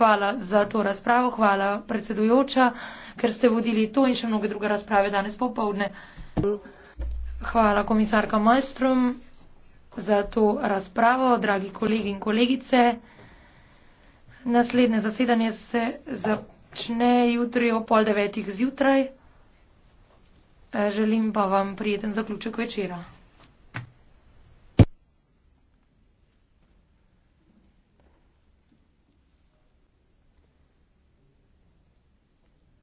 Hvala za to razpravo, hvala predsedujoča, ker ste vodili to in še mnoge druge razprave danes popovdne. Hvala komisarka Malmström za to razpravo, dragi kolegi in kolegice. Naslednje zasedanje se začne jutri o pol devetih zjutraj. Želim pa vam prijeten zaključek večera.